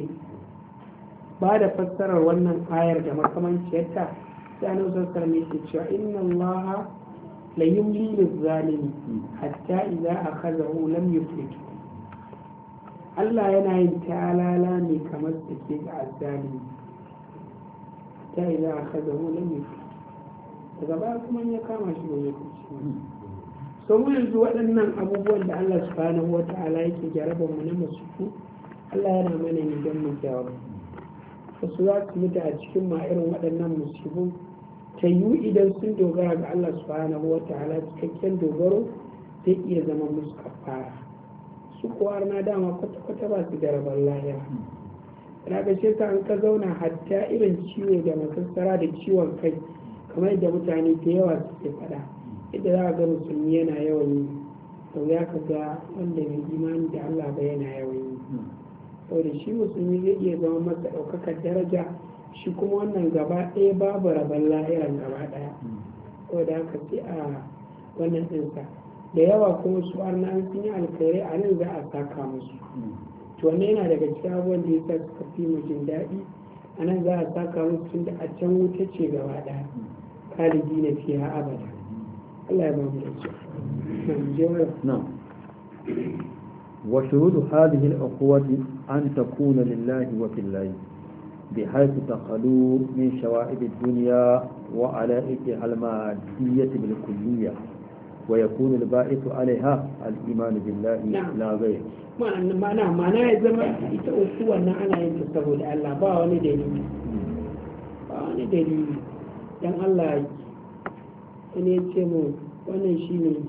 ba da fassarar wannan kayar da makamanciyarta sai annabi sallallahu alaihi wasallam cewa inna allaha la yumli lizalimi hatta idza akhadhahu lam yuflih Allah yana yin talala ne kamar take ga azzalimi ta yi za a kaga daga baya kuma ya kama shi ne ya kuce mu yanzu waɗannan abubuwan da allah subhanahu wata ta'ala yake jarabar mu na masu allah yana mana ne don mu wasu za su mutu a cikin ma irin waɗannan musibu ta yiwu idan sun dogara ga allah subhanahu wata ta'ala cikakken dogaro zai iya zama musu kafara su kuwa na dama kwata-kwata ba su da rabar lahira na ga shi an ka zauna hatta irin ciwo da masassara da ciwon kai kamar yadda mutane ta yawa suke fada yadda za a ga musulmi yana yawan yi to ya ka ga wanda mai imani da Allah ba yana yawan yi da shi musulmi zai iya zama masa ɗaukakar daraja shi kuma wannan gaba ɗaya babu rabon lahiran gaba ɗaya da haka sai a wannan ɗinsa da yawa kuma su arna an sun yi alkhairai a nan za a saka musu to yana daga cikin da yasa suka fi mu jin daɗi a nan za a saka musu da a can wuta ce gaba ɗaya kalibi na fiya abada Allah ya ba mu da نعم وشروط هذه الأخوة أن تكون لله وفي الله بحيث تخلو من شوائب الدنيا وعلائقها المادية بالكلية ويكون الباعث عليها الإيمان بالله نعم. لا غير ما أنا ما أنا إذا يتأسوا أن أنا يتسبوا الله باوني دليل باوني دليل dan Allah wani ya ce mu wannan shi ne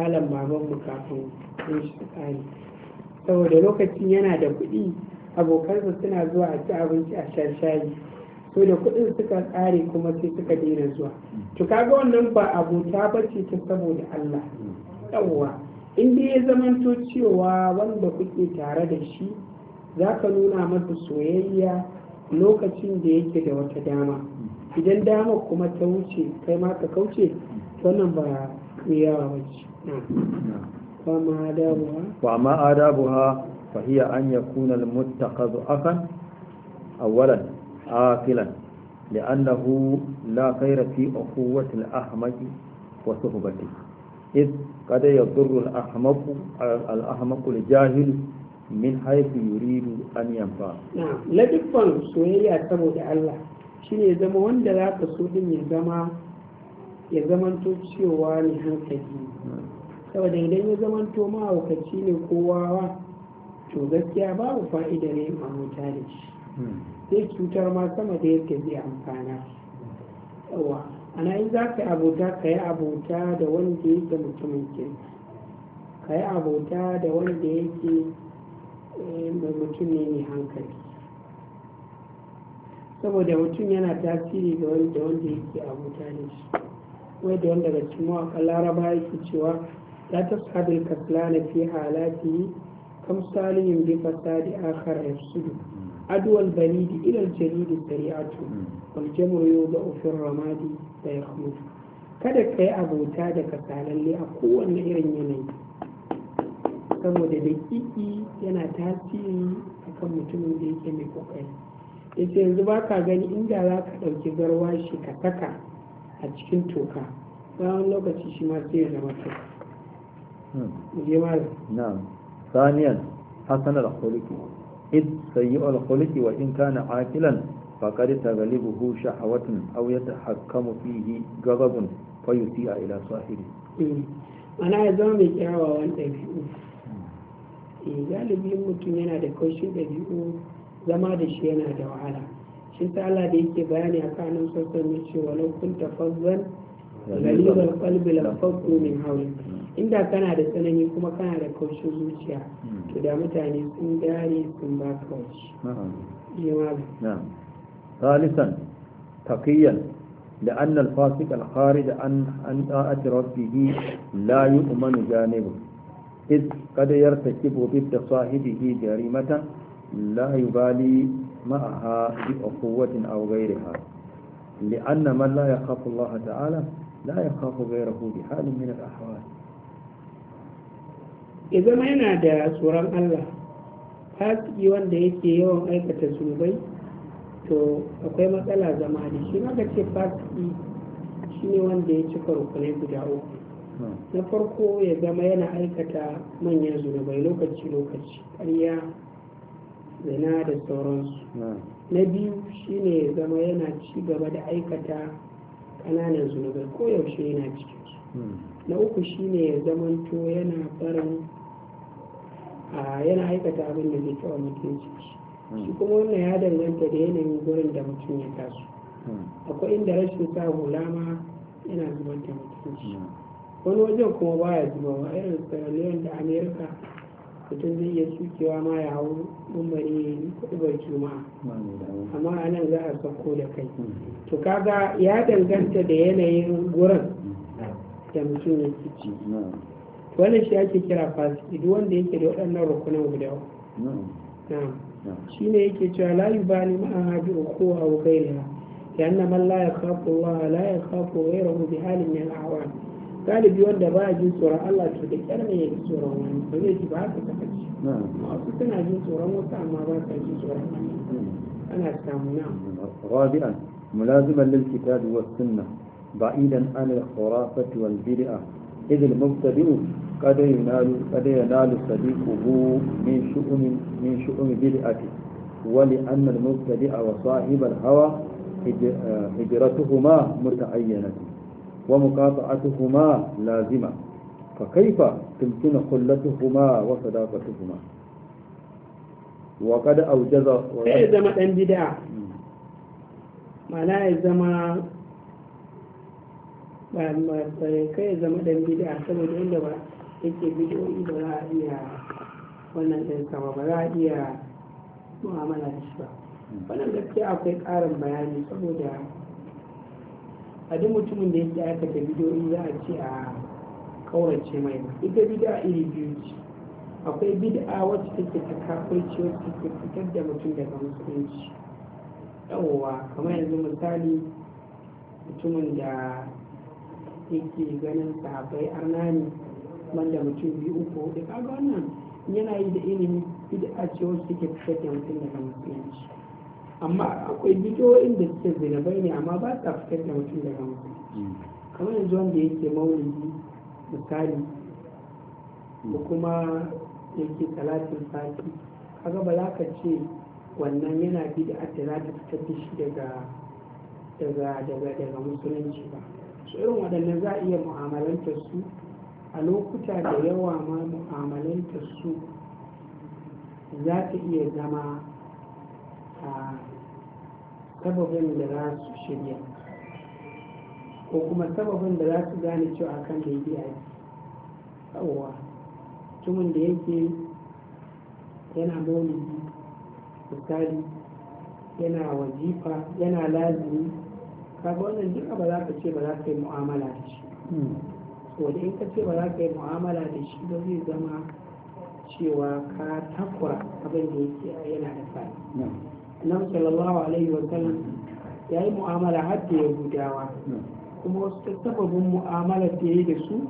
halin mu kafin sun shi tsakani saboda lokacin yana da kuɗi abokansa suna zuwa a ci abinci a shashayi sai da kuɗin suka tsare kuma sai suka daina zuwa to kaga wannan ba abota ba ce ta saboda Allah yawwa in dai ya zamanto cewa wanda kuke tare da shi za ka nuna masa soyayya lokacin da yake da wata dama idan dama kuma ta wuce kai ma ka kauce wannan ba yawa ba ce adabuwa, آدابها an أن يكون akan a أولا عاقلا لأنه لا خير في أخوة الأحمق وصحبته إذ قد يضر الأحمق الأحمق الجاهل min haifu yuridu an yamfa na dukkan soyayya saboda Allah shine zama wanda za ka so din ya zama ya zamanto cewa hankali saboda idan ya zamanto mahaukaci ne ko wawa to gaskiya babu fa'ida ne a mota da sai cutar ma sama da yake zai amfana yawa ana in za ka yi abota ka yi abota da wanda yake mutumin kirki ka yi abota da wanda yake eh, mai mutum ne mai hankali saboda mutum yana tasiri ga wanda wanda yake abota da shi wai da wanda daga cikin mawaƙa laraba yake cewa la tashabil kaslana fi halatihi kam salihin bi fasadi akhar yafsudu عدوى البنيد إلى الجليد السريعة والجمر ofin في الرماد فيخمد kada ka yi abota da kasalalle a kowane irin yanayi saboda da ƙiƙi yana tasiri kan mutumin da yake mai kokari yace yanzu ba ka gani inda za ka ɗauki garwashi ka saka a cikin toka bayan lokaci shi ma sai ya zama toka. ثانيا حسن الخلق id sayyi'ul khuluqi wa in kana aqilan faqad taghlibuhu shahawatun aw yatahakkamu fihi ghadabun fayuti'a ila sahibi ana ya zama mai kirawa wani ɗabi'u galibin mutum yana da kaushin ɗabi'u zama da shi yana da wahala shi ta Allah da yake bayani a kanin sassan ya ce walau kun tafazzan galibar kalbi lafafo min hauli inda kana da tsanani kuma kana da kaushin zuciya to da mutane sun dare sun ba ka wace ثالثا تقيا لأن الفاسق الخارج عن عن طاعة ربه لا يؤمن جانبه إذ قد يرتكب ضد صاحبه جريمة لا يبالي معها بأخوة أو غيرها لأن من لا يخاف الله تعالى لا يخاف غيره بحال من الأحوال ya zama yana da tsoron Allah fasiki wanda yake yawan aikata zunubai to akwai matsala zama da shi maka ce fasiki shi ne wanda ya cika rukunai guda uku na farko ya zama yana aikata manyan zunubai lokaci-lokaci ƙarya zina da sauransu na biyu shi ne ya zama yana ci gaba da aikata ƙananan zunubai koyaushe yana cikin na uku shi ne ya zamanto yana barin yana aikata abin da zai kawo mutum ciki shi kuma wannan ya danganta da yanayin gurin da mutum ya taso akwai inda rashin sa hula ma yana zubar da mutunci wani wajen kuma baya zubarwa irin sarariyar da america mutum zai iya sukewa ma ya hau mummari kudubar juma'a amma a nan za a sauko da kai to kaga ya danganta da yanayin gurin da mutum ya ciki wannan shi ake kira fasiki duk wanda yake da waɗannan rukunan guda shi ne yake cewa la yubali ma ahadi ukhuwa aw ghayriha لأن من لا يخاف الله لا يخاف غيره بحال من الأحوال galibi wanda ba a jin tsoron Allah to da kyar ne ya ji tsoron wani ba zai ji ba haka ta kaci wasu suna jin tsoron wasu amma ba sa jin tsoron wani hmm. ana samu na rabi'an mulaziman lil kitabi was sunnah ba'idan an al khurafati wal bid'ah إذ المبتدئ قد ينال قد ينال صديقه من شؤم من شؤم بدعته ولأن المبتدئ وصاحب الهوى هجرتهما متعينة ومقاطعتهما لازمة فكيف تمكن خلتهما وصداقتهما وقد أوجز وقد... زما دان بدعة معناه زما kai zama dan bid'a saboda inda ba yake bid'o'i ba za a iya wannan ɗin sama ba za a iya mu'amala da shi ba wannan gaskiya akwai ƙarin bayani saboda a duk mutumin da yake aikata bid'o'i za a ce a kaurace mai ba ita bid'a iri biyu ce akwai bid'a wacce take ta kafirci wacce take fitar da mutum daga musulunci yawwa kamar yanzu misali mutumin da yake ganin sahabbai arnani wanda mutum biyu uku da kaga wannan yana yi da ilimi a ce wacce suke fitar da mutum daga musulunci amma akwai bidiyoyin da suke zinabai ne amma ba sa fitar da mutum daga musulunci kamar yanzu wanda yake maulidi misali da kuma yake talatin sati kaga ba za ka ce wannan yana bi da za ta fitar da shi daga daga daga musulunci ba su irin waɗannan za a iya mu'amalantar su a lokuta da yawa ma mu'amalantar su za ta iya zama a sababin da za su shirya ko kuma sababin da za su gane cewa kan da yake aiki tsawowa mutumin da yake yana maulidi misali yana wajifa yana lazimi kaga wannan duka ba za ka ce ba za ka yi mu'amala da shi wanda hmm. in ka ce ba za ka yi mu'amala da shi ba zai zama cewa ka takura abin da yake yana da fadi hmm. nan sallallahu alaihi wa sallam ya yi mu'amala har da yahudawa hmm. kuma wasu sababin mu'amala da ya yi da su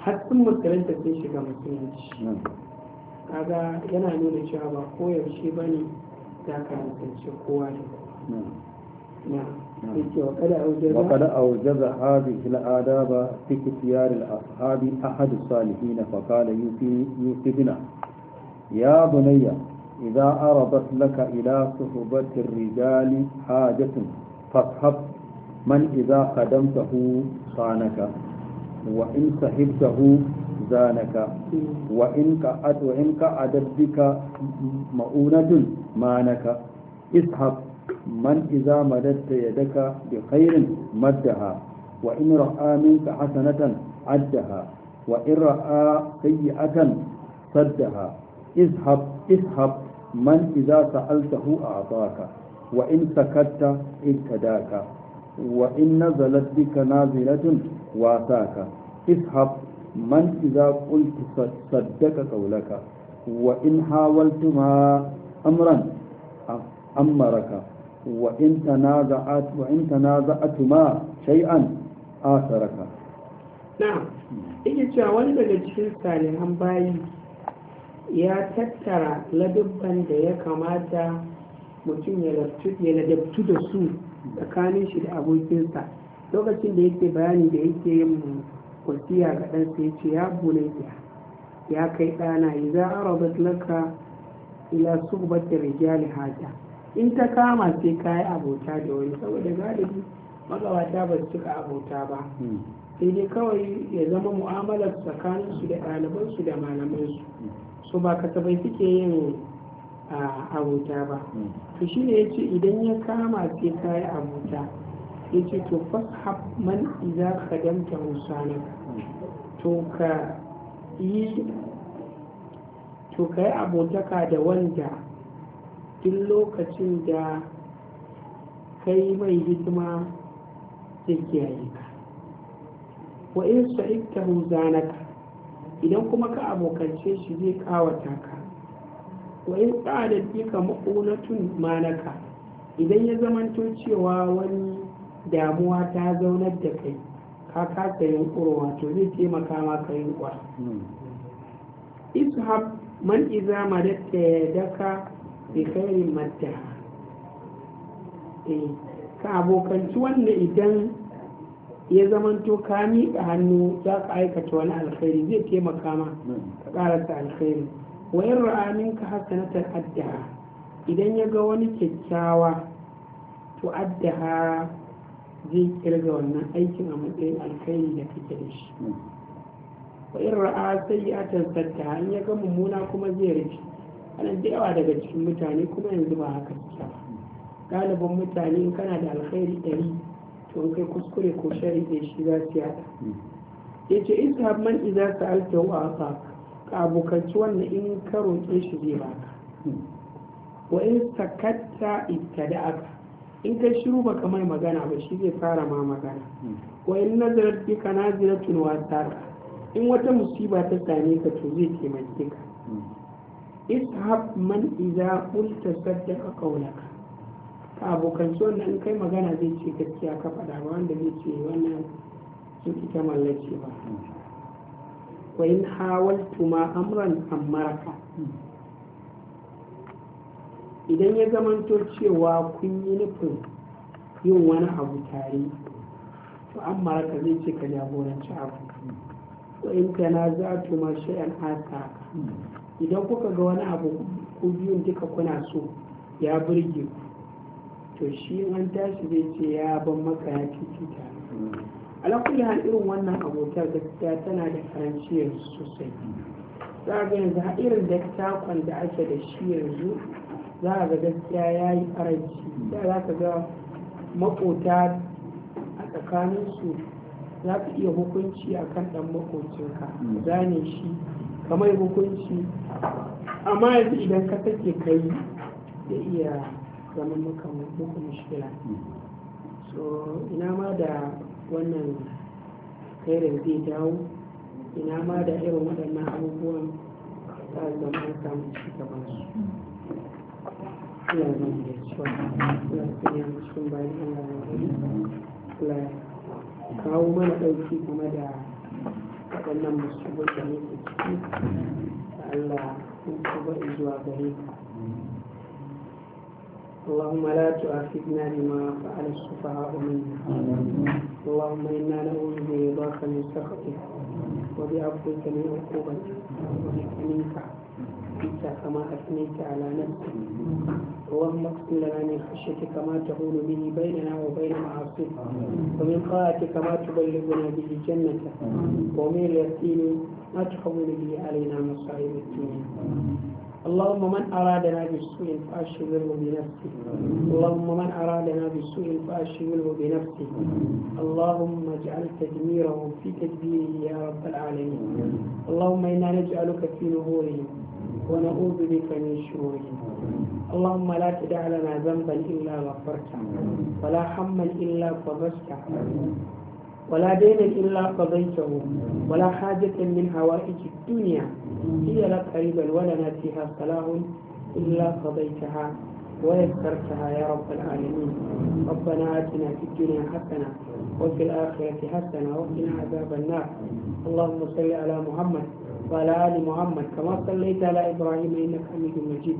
har sun musulunta sun shiga musulunci kaga yana nuna cewa ba koyaushe ba ne za ka musulunci kowa da kowa وقد أوجز هذه الآداب في كتيار الأصحاب أحد الصالحين فقال يوسفنا يا بني إذا أردت لك إلى صحبة الرجال حاجة فاصحب من إذا خدمته صانك وإن صحبته زانك وإن قعدت وإن قعدت بك مؤونة مانك اصحب man iza ya daka bi kairin maddaha wa in ra'a minka hasanatan addaha wa in ra'a sayyi'atan saddaha izhab izhab man iza sa'altahu a'taka wa in sakatta intadaka wa in nazalat bika nazilatun wasaka izhab من إذا قلت صدق قولك وإن حاولتما أمرا أمرك wa in tanaza'at wa in tanaza'atuma shay'an asaraka na'am yake cewa wani daga cikin salihan bayi ya tattara ladabban da ya kamata mutum ya ladabtu da su tsakanin shi da abokinsa lokacin da yake bayani da yake yin wasiya ga ɗansa ya ce ya bunayya ya kai ɗana idza arabat laka ila suhbati rijali haja in ta kama sai ka yi abota da wani saboda galibi magabata ba su cika abota ba hmm. sai dai kawai ya zama mu'amalar tsakaninsu da ɗalibansu da malamansu so ba kasabai suke yin abota ba hmm. to shi ne ya ce idan ya kama sai ka yi abota ya ce to fashab man iza kadamta husanak to ka yi abotaka da wanda duk lokacin da ka mai hidima zai kiyaye ka wa in sa'ibtahu zanaka idan kuma ka abokance shi zai kawata ka wa in tsada bika maƙunatun manaka idan ya zamanto cewa wani damuwa ta zaunar da kai ka kasa yin kurwa to zai taimaka maka yin kwa hmm. ishab man iza madatta ya daka bi mata eh, ka abokanci wanda idan ya zamanto ka miƙa hannu za ka aikata wani alkhairi zai taimaka ma ka ƙarasa alkhairi wayar ra'amin ka ta addaha idan ya ga wani kyakkyawa to addaha zai kirga wannan aikin a matsayin alkhairi da kake da shi hmm. wayar ra'a sai ya in ya ga mummuna kuma zai rufe ana da yawa daga cikin mutane kuma yanzu ba haka suke ba galibin mutane in kana da alkhairi ɗari to kai kuskure ko shari da shi za su yada ya ce in isa man iza ta alta wa asa ka abokanci wannan in ka roƙe shi zai ba ka. wa in sakatta da aka in kai shiru ba mai magana ba shi zai fara ma magana wa in nazarar bika naziratun wasa in wata musiba ta same ka to zai taimake ka ishab man idza qulta saddaqa qawlaka ka abokan su wannan kai magana zai ce gaskiya ka faɗa ba wanda zai ce wannan sun ita mallace ba wa in hawaltu tuma amran ammaraka idan ya zamanto cewa kun yi nufin yin wani abu tare to ammaraka zai ce ka jagoranci abu wa in kana za tu ma shay'an asaka idan kuka ga wani abu ku biyun duka kuna so ya burge ku to shi an tashi zai ce ya ban maka ya fifita alakulli hal irin wannan abota gaskiya tana da karanci yanzu sosai za a ga yanzu a irin dattakon da ake da shi yanzu za a ga gaskiya ya yi faranci. da za ka ga makota a tsakaninsu za ka iya hukunci a kan ɗan makocinka zane shi kamar hukunci amma yanzu idan ka take kai da iya zama maka muku mishkila so ina ma da wannan kairin zai dawo ina ma da irin waɗannan abubuwan za a zama an samu ci gaban su Allah zama da cewa Allah su cikin bayan kawo mana ɗauki kuma da wannan musubar da nake ciki da Allah in tuba zuwa gare ka اللهم لا تؤاخذنا بما فعل السفهاء منا اللهم انا نعوذ برضاك من سخطك وبعفوك من عقوبتك وبك منك أخفيت كما أثنيت على نفسي اللهم اغفر لنا من خشيتك ما تهون به بيننا وبين معاصيك ومن طاعتك ما تبلغنا به جنتك ومن اليقين ما تحول به علينا مصائب الدنيا اللهم من أرادنا بسوء فأشغله بنفسه اللهم من أرادنا بسوء فأشغله بنفسه اللهم اجعل تدميره في تدبيره يا رب العالمين اللهم إنا نجعلك في نهورهم ونعوذ بك من شرورهم اللهم لا تدع لنا ذنبا إلا غفرته ولا حما إلا فرجته ولا دينا إلا قضيته ولا حاجة من حوائج الدنيا هي لك قريبا ولنا فيها صلاح إلا قضيتها ويسرتها يا رب العالمين ربنا آتنا في الدنيا حسنة وفي الآخرة حسنة وقنا عذاب النار اللهم صل على محمد وعلى آل محمد كما صليت على إبراهيم إنك حميد مجيد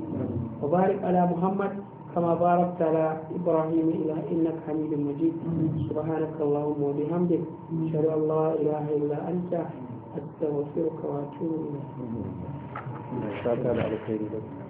وبارك على محمد كما باركت على إبراهيم إنك حميد مجيد سبحانك اللهم وبحمدك أشهد أن لا إله إلا أنت أستغفرك وأتوب إليك.